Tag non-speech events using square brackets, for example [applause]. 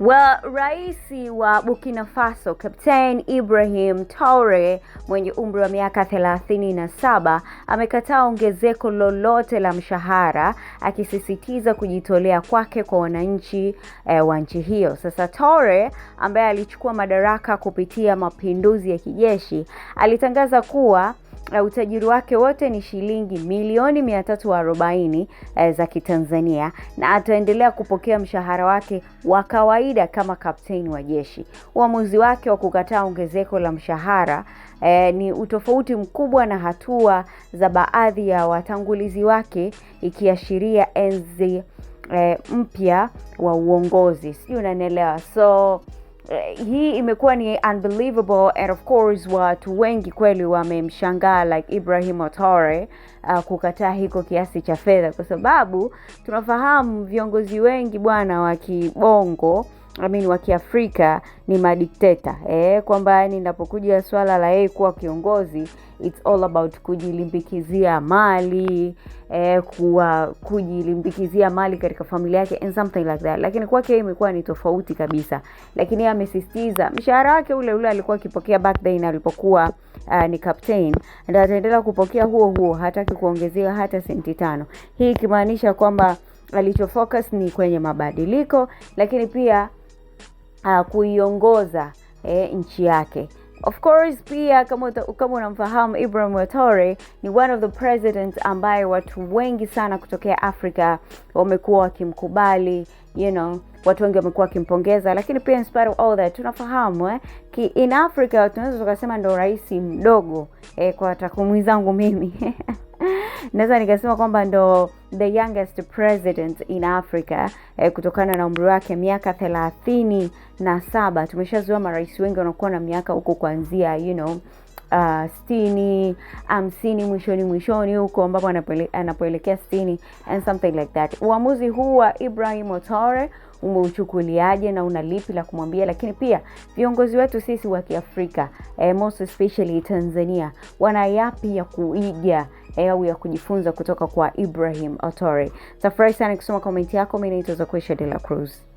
Well, Rais wa Burkina Faso Captain Ibrahim Toure mwenye umri wa miaka 37 amekataa ongezeko lolote la mshahara akisisitiza kujitolea kwake kwa wananchi eh, wa nchi hiyo. Sasa Toure ambaye alichukua madaraka kupitia mapinduzi ya kijeshi alitangaza kuwa utajiri wake wote ni shilingi milioni 340 eh, za Kitanzania na ataendelea kupokea mshahara wake wa kawaida kama kapteni wa jeshi. Uamuzi wake wa kukataa ongezeko la mshahara eh, ni utofauti mkubwa na hatua za baadhi ya watangulizi wake ikiashiria enzi eh, mpya wa uongozi. Sijui unanielewa so Eh, hii imekuwa ni unbelievable and of course watu wengi kweli wamemshangaa like Ibrahim Traore uh, ah, kukataa hiko kiasi cha fedha, kwa sababu tunafahamu viongozi wengi bwana wa kibongo amin wa Kiafrika ni madikteta eh, kwamba yani inapokuja swala la yeye kuwa kiongozi it's all about kujilimbikizia mali eh, kuwa kujilimbikizia mali katika familia yake and something like that, lakini kwake imekuwa ni tofauti kabisa. Lakini yeye amesisitiza mshahara wake ule ule alikuwa akipokea back then alipokuwa uh, ni captain, ndio ataendelea kupokea huo huo, hataki kuongezea hata senti tano, hii ikimaanisha kwamba alichofocus ni kwenye mabadiliko, lakini pia uh, kuiongoza eh, nchi yake. Of course pia kama kama unamfahamu Ibrahim Traore ni one of the president ambaye watu wengi sana kutokea Afrika wamekuwa wakimkubali, you know, watu wengi wamekuwa wakimpongeza, lakini pia in spite of all that tunafahamu eh, ki in Africa tunaweza tukasema ndo rais mdogo eh, kwa takwimu zangu mimi [laughs] naweza nikasema kwamba ndo the youngest president in Africa eh, kutokana na umri wake miaka thelathini na saba. Tumeshazoea marais wengi wanakuwa na miaka huko kuanzia you know Uh, sitini hamsini mwishoni mwishoni huko ambapo anapoelekea sitini and something like that. Uamuzi huu wa Ibrahim Otore umeuchukuliaje na una lipi la kumwambia? Lakini pia viongozi wetu sisi wa Kiafrika eh, most especially Tanzania wana yapi ya kuiga eh, au ya kujifunza kutoka kwa Ibrahim Otore? Tafurahi sana kusoma komenti yako. Mimi naitwa Zakwesha de la Cruz.